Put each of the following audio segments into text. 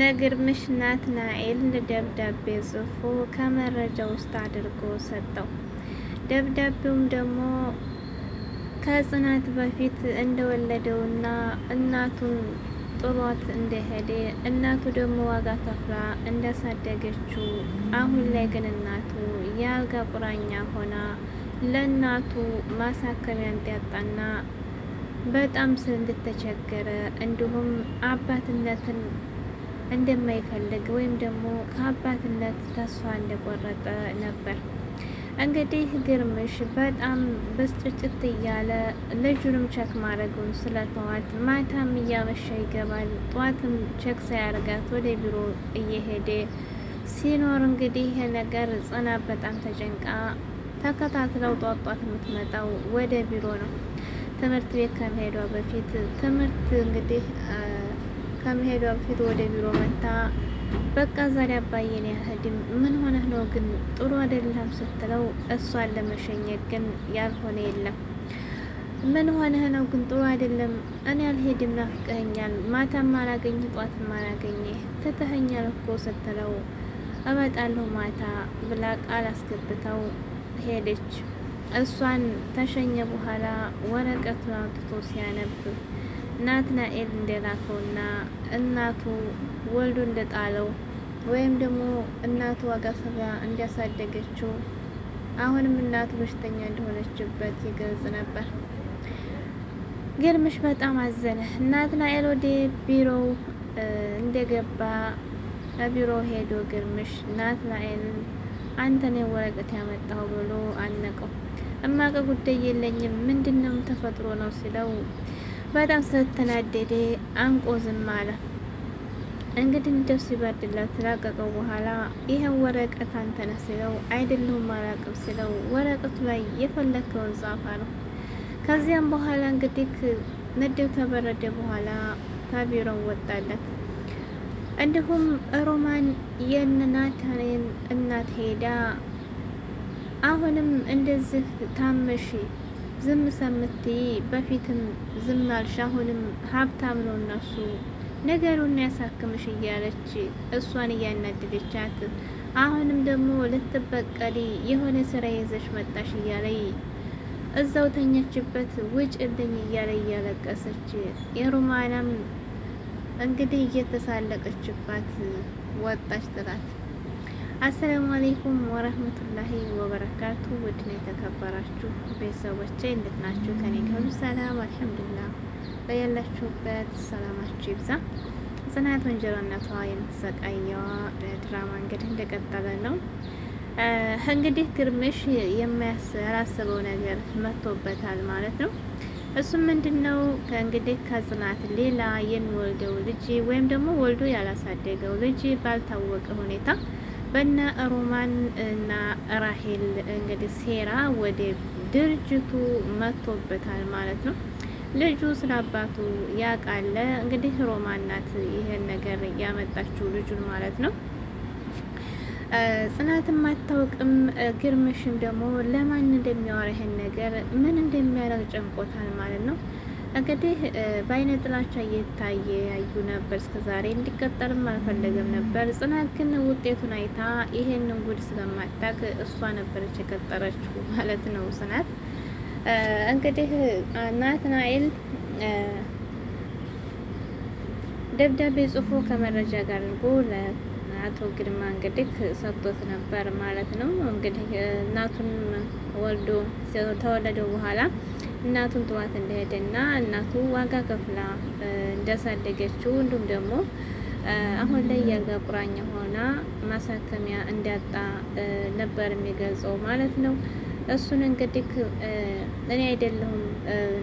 ለግርምሽ ናትናኤል ደብዳቤ ጽፎ ከመረጃ ውስጥ አድርጎ ሰጠው። ደብዳቤውም ደግሞ ከጽናት በፊት እንደወለደውና እናቱን ጥሏት እንደሄደ እናቱ ደግሞ ዋጋ ከፍላ እንዳሳደገችው አሁን ላይ ግን እናቱ የአልጋ ቁራኛ ሆና ለእናቱ ማሳከሚያ እንዲያጣና በጣም ስለ እንዲሁም አባትነትን እንደማይፈልግ ወይም ደግሞ ከአባትነት ተስፋ እንደቆረጠ ነበር። እንግዲህ ግርምሽ በጣም ብስጭጭት እያለ ልጁንም ቸክ ማድረጉን ስለተዋት ማታም እያመሻ ይገባል። ጠዋትም ቸክ ሳያደርጋት ወደ ቢሮ እየሄደ ሲኖር እንግዲህ ይሄ ነገር ጽናት በጣም ተጨንቃ ተከታትለው ጧጧት የምትመጣው ወደ ቢሮ ነው። ትምህርት ቤት ከመሄዷ በፊት ትምህርት እንግዲህ ከመሄዷ በፊት ወደ ቢሮ መታ በቃ ዛሬ አባዬን ያህድም ምን ሆነህ ነው ግን ጥሩ አይደለም ስትለው እሷን ለመሸኘት ግን ያልሆነ የለም። ምን ሆነህ ነው ግን ጥሩ አይደለም እኔ አልሄድም ናፍቀኛል ማታም አላገኝ ጧትም አላገኘ ትተኸኛል እኮ ስትለው እመጣለሁ ማታ ብላ ቃል አስገብተው ሄደች። እሷን ተሸኘ በኋላ ወረቀቱን አውጥቶ ሲያነብ ናትናኤል እንደላከውና እናቱ ወልዶ እንደጣለው ወይም ደግሞ እናቱ አጋሰባ እንዲያሳደገችው አሁንም እናቱ በሽተኛ እንደሆነችበት ይገልጽ ነበር። ግርምሽ በጣም አዘነ። ናትናኤል ወደ ቢሮው እንደገባ ቢሮ ሄዶ ግርምሽ አንተ ነው ወረቀት ያመጣው ብሎ አነቀው። እማቀ ጉዳይ የለኝም ምንድነው ተፈጥሮ ነው ሲለው በጣም ስለተናደደ አንቆ ዝም አለ። እንግዲህ እንደው ሲበርድላት ተላቀቀው በኋላ ይሄን ወረቀት አንተ ነህ ሲለው አይደለሁም አላቅም ሲለው ወረቀቱ ላይ የፈለከውን ጻፍ አለው። ከዚያም በኋላ እንግዲህ ንዴው ተበረደ በኋላ ታቢሮን ወጣለት። እንዲሁም ሮማን የነናታኔን እናት ሄዳ አሁንም እንደዚህ ታመሽ ዝም ሰምቲ በፊትም ዝም አልሽ፣ አሁንም ሀብታም ነው እነሱ ነገሩን ያሳክምሽ እያለች እሷን እያናደደቻት አሁንም ደግሞ ልትበቀሊ የሆነ ስራ ይዘሽ መጣሽ እያለይ እዛው ተኛችበት እልኝ እያለ እያለቀሰች የሩማናም እንግዲህ እየተሳለቀችባት ወጣች ጥላት አሰላሙ አሌይኩም ወረህመቱላሂ ወበረካቱ ውድና የተከበራችሁ ቤተሰቦቼ እንዴት ናችሁ? ከኔ ጋር ሰላም አልሐምዱሊላህ። በያላችሁበት ሰላማችሁ ይብዛ። ጽናት ወንጀለነቷ የምትሰቃየዋ ድራማ እንግዲህ እንደቀጠለ ነው። እንግዲህ ግርምሽ የማያስበው ነገር መጥቶበታል ማለት ነው። እሱም ምንድን ነው ከእንግዲህ ከጽናት ሌላ የሚወልደው ልጅ ወይም ደግሞ ወልዶ ያላሳደገው ልጅ ባልታወቀ ሁኔታ በነ ሮማን እና ራሄል እንግዲህ ሴራ ወደ ድርጅቱ መጥቶበታል ማለት ነው። ልጁ ስለ አባቱ ያቃለ እንግዲህ ሮማን ናት ይሄን ነገር ያመጣችው ልጁን ማለት ነው። ጽናትም አታውቅም። ግርምሽም ደግሞ ለማን እንደሚያወራ ይሄን ነገር ምን እንደሚያደርግ ጨንቆታል ማለት ነው። እንግዲህ በአይነ ጥላቻ እየታየ ያዩ ነበር። ዛሬ እንዲቀጠልም አልፈለገም ነበር። ጽናት ግን ውጤቱን አይታ ይሄንን ጉድ ስለማታቅ እሷ ነበረች የቀጠረችው ማለት ነው። ጽናት እንግዲህ ናትናኤል ደብዳቤ ጽፎ ከመረጃ ጋር አድርጎ ለአቶ ግርማ እንግዲህ ሰጥቶት ነበር ማለት ነው። እንግዲህ እናቱን ወልዶ ተወለደው በኋላ እናቱን ጥዋት እንደሄደና እናቱ ዋጋ ከፍላ እንዳሳደገችው እንዲሁም ደግሞ አሁን ላይ ያልጋ ቁራኛ ሆና ማሳከሚያ እንዲያጣ ነበር የሚገልጸው ማለት ነው። እሱን እንግዲህ እኔ አይደለሁም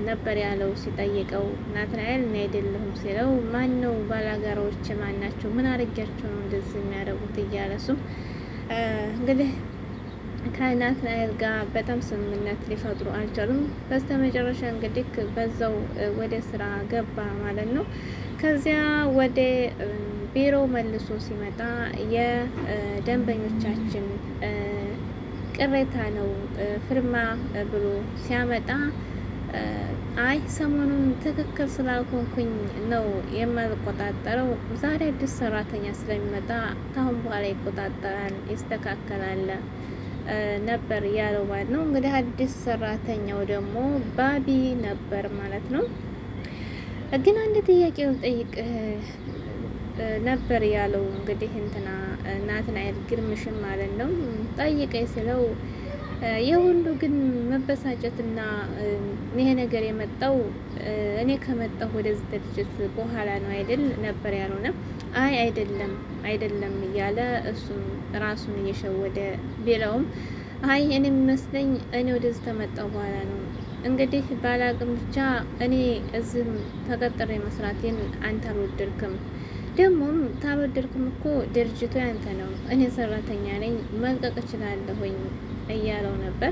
ነበር ያለው ሲጠይቀው፣ ናትናኤል እኔ አይደለሁም ሲለው፣ ማን ነው ባላጋራዎች ማን ናቸው? ምን አድርጊያቸው ነው እንደዚህ የሚያደርጉት? እያለሱ እንግዲህ ከናትናኤል ጋር በጣም ስምምነት ሊፈጥሩ አልቻሉም። በስተመጨረሻ እንግዲህ በዛው ወደ ስራ ገባ ማለት ነው። ከዚያ ወደ ቢሮ መልሶ ሲመጣ የደንበኞቻችን ቅሬታ ነው ፍርማ ብሎ ሲያመጣ አይ ሰሞኑን ትክክል ስላልሆንኩኝ ነው የማልቆጣጠረው። ዛሬ አዲስ ሰራተኛ ስለሚመጣ ካሁን በኋላ ይቆጣጠራል፣ ይስተካከላል ነበር ያለው ማለት ነው። እንግዲህ አዲስ ሰራተኛው ደግሞ ባቢ ነበር ማለት ነው። ግን አንድ ጥያቄ ጠይቅ ነበር ያለው እንግዲህ እንትና ናትናኤል ግርምሽን ማለት ነው። ጠይቀኝ ስለው የሁሉ ግን መበሳጨትና ይሄ ነገር የመጣው እኔ ከመጣሁ ወደዚህ ድርጅት በኋላ ነው አይደል ነበር ያለው ነው አይ አይደለም አይደለም እያለ እሱ ራሱን እየሸወደ ቢለውም አይ እኔ የሚመስለኝ እኔ ወደዚህ ተመጣሁ በኋላ ነው እንግዲህ ባላቅም ብቻ እኔ እዚህም ተቀጥሬ መስራቴን አንተ አልወደድክም። ደግሞም ታልወደድክም እኮ ድርጅቱ ያንተ ነው፣ እኔ ሰራተኛ ነኝ፣ መልቀቅ እችላለሁኝ እያለው ነበር።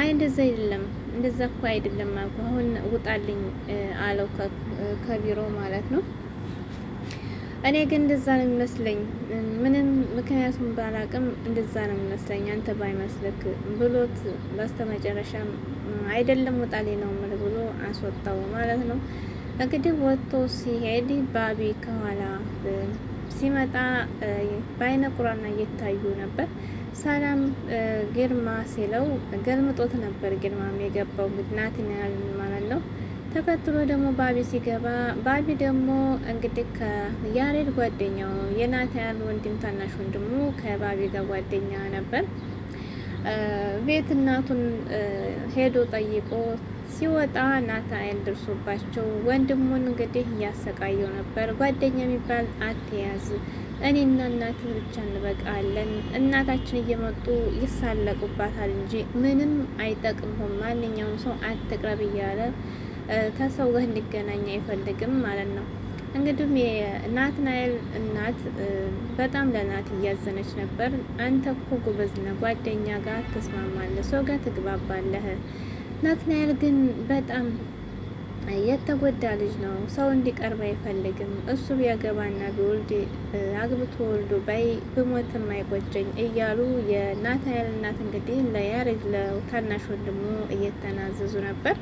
አይ እንደዛ አይደለም፣ እንደዛ እኮ አይደለም አልኩ፣ አሁን ውጣልኝ አለው ከቢሮ ማለት ነው። እኔ ግን እንደዛ ነው የሚመስለኝ። ምንም ምክንያቱም ባላቅም እንደዛ ነው የሚመስለኝ። አንተ ባይመስልክ ብሎት በስተመጨረሻ አይደለም ውጣሌ ነው ምል ብሎ አስወጣው ማለት ነው። እንግዲህ ወጥቶ ሲሄድ ባቢ ከኋላ ሲመጣ በአይነ ቁራና እየታዩ ነበር። ሰላም ግርማ ሲለው ገልምጦት ነበር። ግርማም የገባው ናትናኤል ተከትሎ ደግሞ ባቢ ሲገባ ባቢ ደግሞ እንግዲህ ከያሬድ ጓደኛው የናታን ወንድም ታናሽ ወንድሙ ከባቢ ጋር ጓደኛ ነበር። ቤት እናቱን ሄዶ ጠይቆ ሲወጣ ናታያን ደርሶባቸው ወንድሙን እንግዲህ እያሰቃየው ነበር። ጓደኛ የሚባል አትያዝ፣ እኔና እናት ብቻ እንበቃለን። እናታችን እየመጡ ይሳለቁባታል እንጂ ምንም አይጠቅምሁም። ማንኛውም ሰው አትቅረብ እያለ ከሰው ጋር እንዲገናኝ አይፈልግም ማለት ነው። እንግዲህም የናትናኤል እናት በጣም ለናት እያዘነች ነበር። አንተ እኮ ጎበዝ ነህ፣ ጓደኛ ጋር ትስማማለህ፣ ሰው ጋር ትግባባለህ። ናትናኤል ግን በጣም የተጎዳ ልጅ ነው። ሰው እንዲቀርብ አይፈልግም። እሱ ቢያገባና ቢወልድ አግብቶ ወልዶ ባይ ብሞትም አይቆጨኝ እያሉ የናትናኤል እናት እንግዲህ ለያሬድ ለታናሽ ወንድሙ እየተናዘዙ ነበር።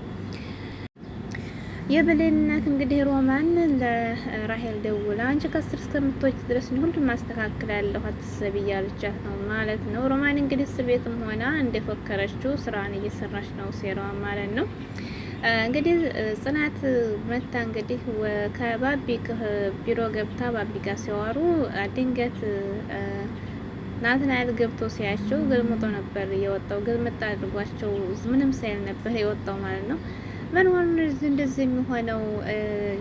የብሌን እንግዲህ ሮማን ለራሄል ደውላ አንቺ ከስር እስከምትወጪ ድረስ ሁሉም ማስተካከላለሁ አትሰብ እያለቻት ነው ማለት ነው። ሮማን እንግዲህ እስር ቤትም ሆና እንደፎከረችው ስራዋን እየሰራች ነው ሴራዋ ማለት ነው። እንግዲህ ጽናት መታ እንግዲህ ከባቢ ቢሮ ገብታ ባቢ ጋር ሲዋሩ ድንገት ናትናኤል ገብቶ ሲያቸው ግልምጦ ነበር የወጣው። ግልምጥ አድርጓቸው ምንም ሳይል ነበር የወጣው ማለት ነው። ምን ሆኖ እንደዚህ የሚሆነው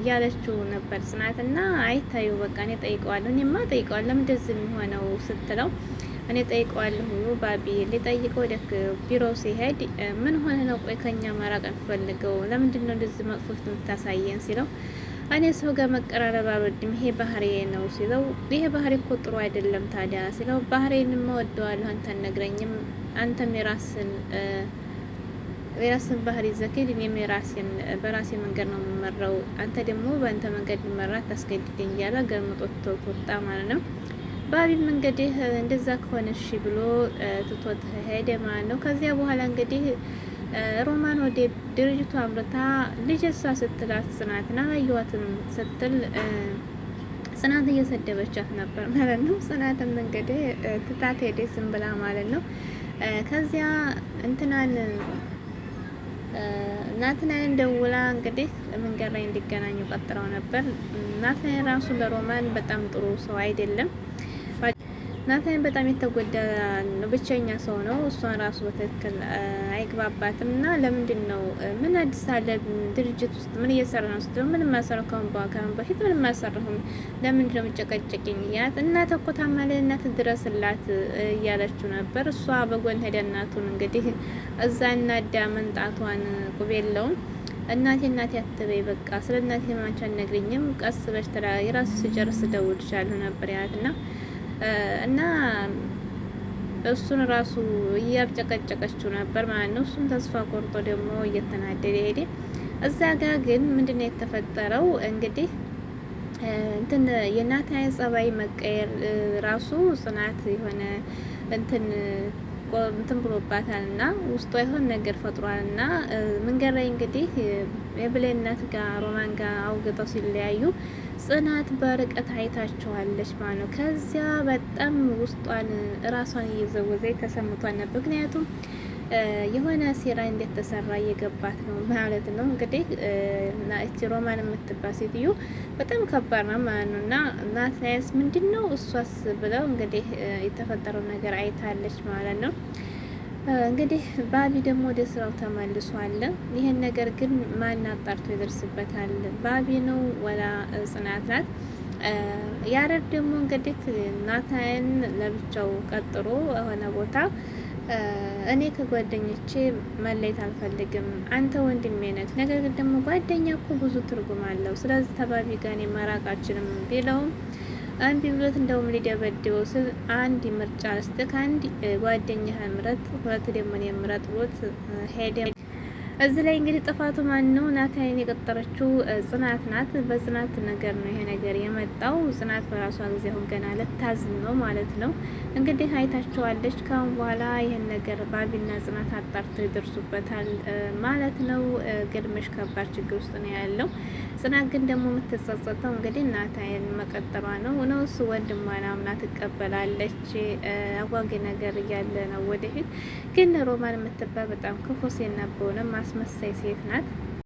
ያለችው ነበር ጽናት እና አይታዩ በቃ እኔ ጠይቀዋለሁ፣ እኔማ ጠይቀዋለሁ እንደዚህ የሚሆነው ስትለው እኔ ጠይቀዋለሁ ባቢ ሊጠይቀው ወደ ቢሮ ሲሄድ ምን ሆነ ነው ቆይ ከኛ መራቅ ፈልገው ለምንድን ነው እንደዚህ መጥፎ ፊት የምታሳየን ሲለው እኔ ሰው ጋር መቀራረብ አልወድም ይሄ ባህሬ ነው ሲለው ይሄ ባህሬ እኮ ጥሩ አይደለም ታዲያ ሲለው ባህሬንማ ወደዋለሁ አንተን ነግረኝም አንተም የራስን የራስን ባህሪ ይዘክል። እኔም የራሴን በራሴ መንገድ ነው የምመራው፣ አንተ ደግሞ በአንተ መንገድ ልመራ ታስገድደኝ እያለ ገምጦት ወጣ ማለት ነው። በአቢም እንግዲህ እንደዛ ከሆነ እሺ ብሎ ትቶት ሄደ ማለት ነው። ከዚያ በኋላ እንግዲህ ሮማን ወደ ድርጅቱ አምርታ ልጅ እሷ ስትላት ጽናት ና አላየኋትም ስትል ጽናት እየሰደበቻት ነበር ማለት ነው። ጽናትም እንግዲህ ትታት ሄደ ዝም ብላ ማለት ነው። ከዚያ እንትናን ናትናኤልን ደውላ እንግዲህ መንገድ ላይ እንዲገናኙ ቀጥረው ነበር። ናትናኤል ራሱ ለሮማን በጣም ጥሩ ሰው አይደለም። ናታን በጣም የተጎዳ ነው። ብቸኛ ሰው ነው። እሷን ራሱ በትክክል አይግባባትም። እና ለምንድን ነው ምን አዲስ አለ ድርጅት ውስጥ ምን እየሰራ ነው ስትለው፣ ምንም ከሁን ከአሁን በፊት ምን አልሰራሁም። ለምንድን ነው የምጨቀጨቅኝ እያት እናት እኮ ታማለች፣ እናት ድረስላት እያለችው ነበር። እሷ በጎን ሄደ እናቱን እንግዲህ እዛ እናዳ መንጣቷን ቁብ የለውም እናቴ እናቴ አትበይ፣ በቃ ስለ እናቴ ማንቻ ነግረኝም፣ ቀስ በሽ ተራ የራሱ ስጨርስ ደውልሻለሁ ነበር ያት ና እና እሱን ራሱ እያብጨቀጨቀችው ነበር ማለት ነው። እሱም ተስፋ ቆርጦ ደግሞ እየተናደደ ሄደ። እዛ ጋ ግን ምንድን ነው የተፈጠረው? እንግዲህ እንትን የናታያ ጸባይ መቀየር ራሱ ጽናት የሆነ እንትን እንትን ብሎባታል እና ውስጧ የሆን ነገር ፈጥሯል እና መንገድ ላይ እንግዲህ የብሌናት ጋር ሮማን ጋር አውግተው ሲለያዩ ጽናት በርቀት አይታችኋለች ማለት ነው። ከዚያ በጣም ውስጧን እራሷን እየዘወዘ ተሰምቷል ነበር ምክንያቱም የሆነ ሴራ እንደተሰራ እየገባት ነው ማለት ነው። እንግዲህ እቺ ሮማን የምትባል ሴትዮ በጣም ከባድ ነው ማለት ነው። እና ናትናያስ ምንድን ነው እሷስ ብለው እንግዲህ የተፈጠረው ነገር አይታለች ማለት ነው። እንግዲህ ባቢ ደግሞ ወደ ስራው ተመልሷል። ይህን ነገር ግን ማን አጣርቶ ይደርስበታል? ባቢ ነው ወላ ጽናት ናት? ያረብ ደግሞ እንግዲህ ናታን ለብቻው ቀጥሮ የሆነ ቦታ እኔ ከጓደኞቼ መለየት አልፈልግም፣ አንተ ወንድሜ ነህ። ነገር ግን ደግሞ ጓደኛ እኮ ብዙ ትርጉም አለው። ስለዚህ ተባቢ ጋር እኔ መራቅ አልችልም ቢለውም አንድ ብሎት እንደውም ሊደበድበው ስል አንድ ምርጫ ስጥ፣ ከአንድ ጓደኛህን ምረጥ፣ ሁለት ደግሞ እኔን ምረጥ ብሎት ሄደ። እዚህ ላይ እንግዲህ ጥፋቱ ማን ነው? ናታይን የቀጠረችው ጽናት ናት። በጽናት ነገር ነው ይሄ ነገር የመጣው። ጽናት በራሷ ጊዜ አሁን ገና ልታዝን ነው ማለት ነው። እንግዲህ አይታችኋለች። ካሁን በኋላ ይህን ነገር ባቢና ጽናት አጣርተው ይደርሱበታል ማለት ነው። ግድምሽ ከባድ ችግር ውስጥ ነው ያለው። ጽናት ግን ደግሞ የምትጸጸተው እንግዲህ ናታይን መቀጠሯ ነው ነው እሱ ወንድሟን አምና ትቀበላለች። አጓጊ ነገር እያለ ነው ወደፊት ግን ሮማን የምትባል በጣም ክፉ ሴት ነበውነ አስመሳይ ሴት ናት።